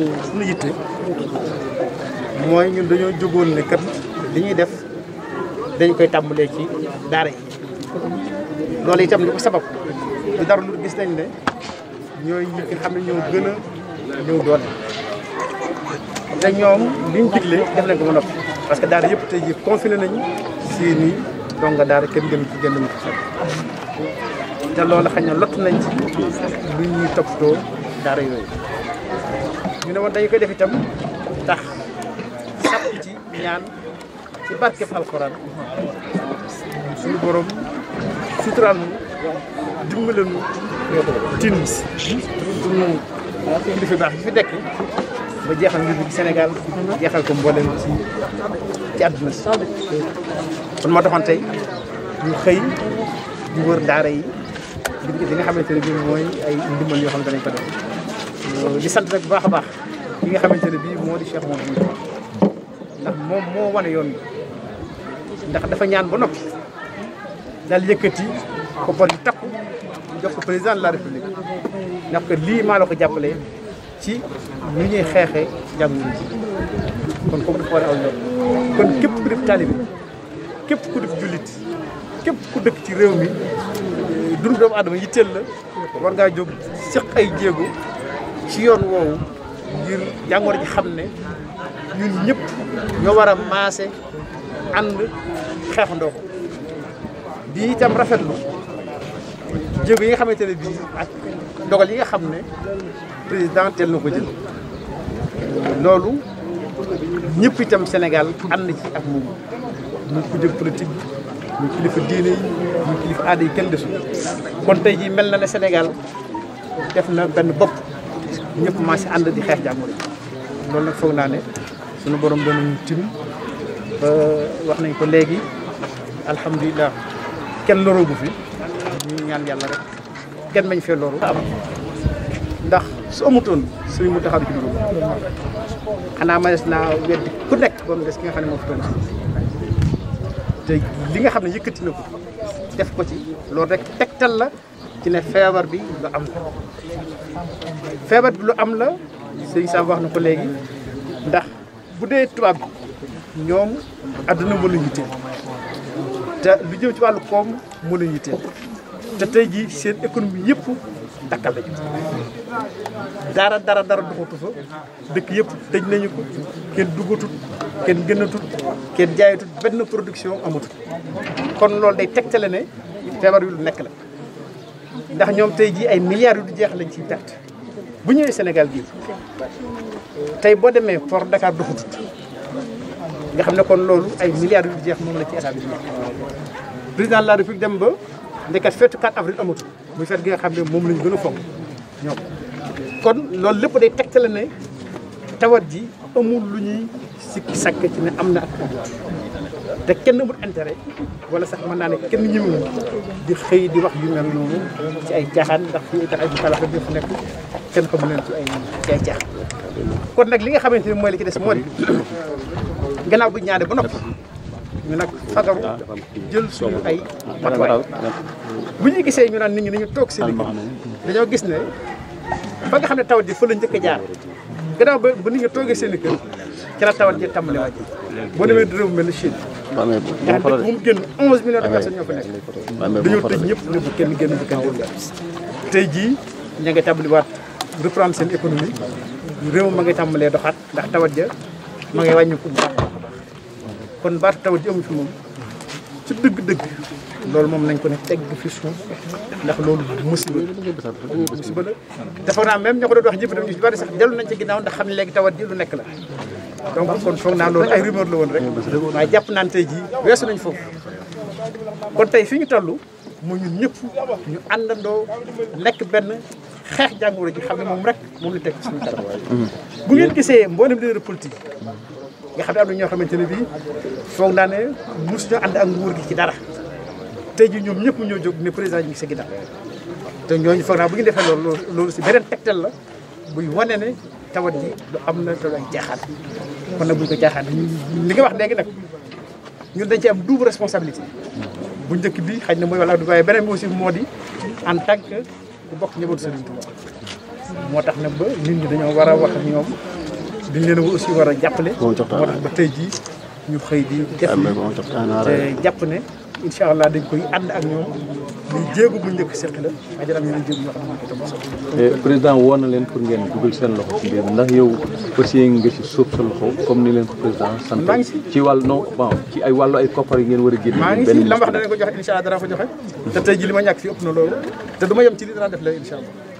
suñu yitte mooy ñun dañoo jógoon ne kat li ñuy def dañ koy tàmbalee ci daara yi loolu itam li ko sabab lu dara lu gis nañ ne ñooy ñi nga xam ne ñoo gën a doole te ñoom liñ digle def nañ ko ba noppi parce que daara yëpp tey jii confiné nañ seen i donga daara kenn gënu ci gën a te loolu xañ na lott nañ ci lu ñuy toppatoo daara yooyu ñu ne woon dañu koy def itam tax sàpp ci ñaan ci barkeb alxuraan suñu borom suturaal nu tin sunu kilifa baax yi fi nekk ba jeexal ngir bi Sénégal jeexal ko mboolem ci ci àdduna si kon moo taxoon tey ñu xëy di wër daara yi di nga xamante ne bii mooy ay ndimbal yoo xam ne danañ ko def di sant nag baax a baax ki nga xamante ne bii moo di Cheikh Mouhamadou Moustapha ndax moom moo wane yoon ndax dafa ñaan ba noppi daal yëkkati ko bor yu jox ko président de la république ndax que maa la ko jàppalee ci nu ñuy xeexee jàmm ji kon kooku dafa war a aw kon képp ku def taalibe képp ku def dëkk ci réew mi dundu doomu aadama yitteel la war ngaa jóg seq ay jéego ci yoon woowu ngir jàngoor ji xam ne ñun ñëpp ñoo war a maase ànd xeexandoo ko di rafet rafetlu jéego yi nga xamante ne bii ak dogal yi nga xam ne président teel na ko jël loolu ñëpp itam Sénégal ànd ci ak moom muy ku jël politique kilifa diine yi muy kilifa aada yi kenn desul kon tey jii mel na ne Sénégal def na benn bopp. ñépp maa si ànd di xeex jàngoro ji loolu nag foog naa ne suñu boroom danañu tim ba wax nañ ko léegi alhamdulilah kenn loroogu fi ñu ñaan yàlla rek kenn bañ fee soo am ndax su amutoon sëriñ mu taxaw ci dugub xanaa manees naa weddi ku nekk ba mu des ki nga xam ne moo fi toll te li nga xam ne yëkkati na ko def ko ci loolu rek tegtal la ci ne feebar bi lu am la feebar bi lu am la sëñ Sam wax nu ko léegi ndax bu dee tubaab bi ñoom àdduna mënuñu teel te lu jëm ci wàllu koom mënuñu teel te tey jii seen économie yëpp dakkal lañu dara dara dara doxatu fa dëkk yëpp tëj nañu ko kenn duggatut kenn gënatut kenn jaayatut benn production amatut kon loolu day tegtale ne feebar bi lu nekk la ndax ñoom tey jii ay milliards yu du jeex lañ ci pert bu ñëwee senegal gii tey boo demee port Dakar du xutut nga xam ne kon loolu ay milliards yu du jeex moom la ci état bi président de la république dem ba ndekat feetu 4 avril amatul muy feet gi nga xam ne moom lañu gën a fonk ñoom kon loolu lépp day tegtale ne tawat ji amul lu ñuy sikki sàkk ci ne am na ak te kenn amul intere wala sax mën naa ne kenn ñëwul di xëy di wax yu mel noonu ci ay caaxaan ndax fi itam ay talax bi fu nekk kenn xamu leen ci ay ci ay caaxaan kon nag li nga xamante ne mooy li ci des moo di gannaaw bu ñaane ba noppi ñu nag fagaru jël suñu ay matuwaay bu ñu gisee ñu naan nit ñi nañu toog seen liggéey dañoo gis ne ba nga xam ne tawat ji fa la njëkk a jaar gannaaw ba ba nit ñi toogee seen i kër ci la tawat ji tàmbali wàcc boo demee réew mel ni Chine waaw mais bu ma faral di génn 11 millions de personnes ñoo fa nekk. dañoo tëj ñëpp ne kenn génn bu kenn génn. tey jii ña nga tàmbaliwaat reprendre seen économie réew ma ngi tàmbalee doxaat ndax tawat ja ma ngi wàññi ko kon baatu tawat ji amu fi moom ci dëgg-dëgg loolu moom nañ ko ne teg fi suuf ndax loolu musiba musiba la dafa naa même ñoo ko doon wax ñëpp dañu ci sax dellu nañ ci ginnaaw ndax xam ne léegi tawat ji lu nekk la donc kon foog naa loolu ay rumeur la woon rek waaye jàpp naan tey jii weesu nañ foofu kon tey fi ñu toll mu ñun ñëpp ñu àndandoo nekk benn xeex jàngoro ji xam ne moom rek moom la teg suñu bu ngeen gisee mboolem leader politique nga xam ñoo xamante ne bii foog naa ne mos ñoo ànd nguur gi ci dara tey jii ñoom ñëpp ñoo jog ne président ñu ngi gi ginnaaw te ñooñu foog naa bu ñu defee loolu loolu si beneen tegtal la buy wane ne tawat ji du am na te ay jeexaat kon nag buñ ko caaxaan li nga wax léegi nag ñun dañ ci am double responsabilité bu njëkk bi xëy na mooy wala du waaye beneen bi aussi moo di en tant que ku bokk njabootu Serigne Touba moo tax nag ba nit ñi dañoo war a wax ñoom dañ leen a aussi war a jàppale moo tax ba tey jii ñu xëy di def te jàpp ne incha allah dañ koy ànd ak ñoom lii jéego bu njëkk seq la waaye dina am yeneen jéego eh, président woo na leen pour ngeen dugal seen loxo ci biir ndax yow fas nga ci suuf sa loxo comme ni leen ko président sant ci wàllu non bon ci ay wàllu ay koppar yi ngeen war a génn maa ngi si la wax ko joxe incha allah dana ko joxe te tey ji li ma ñàkk fi ëpp na loolu te du ma yem ci def la incha allah